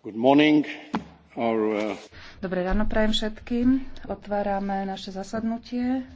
Uh, Dobré ráno prajem všetkým. Otvárame naše zasadnutie.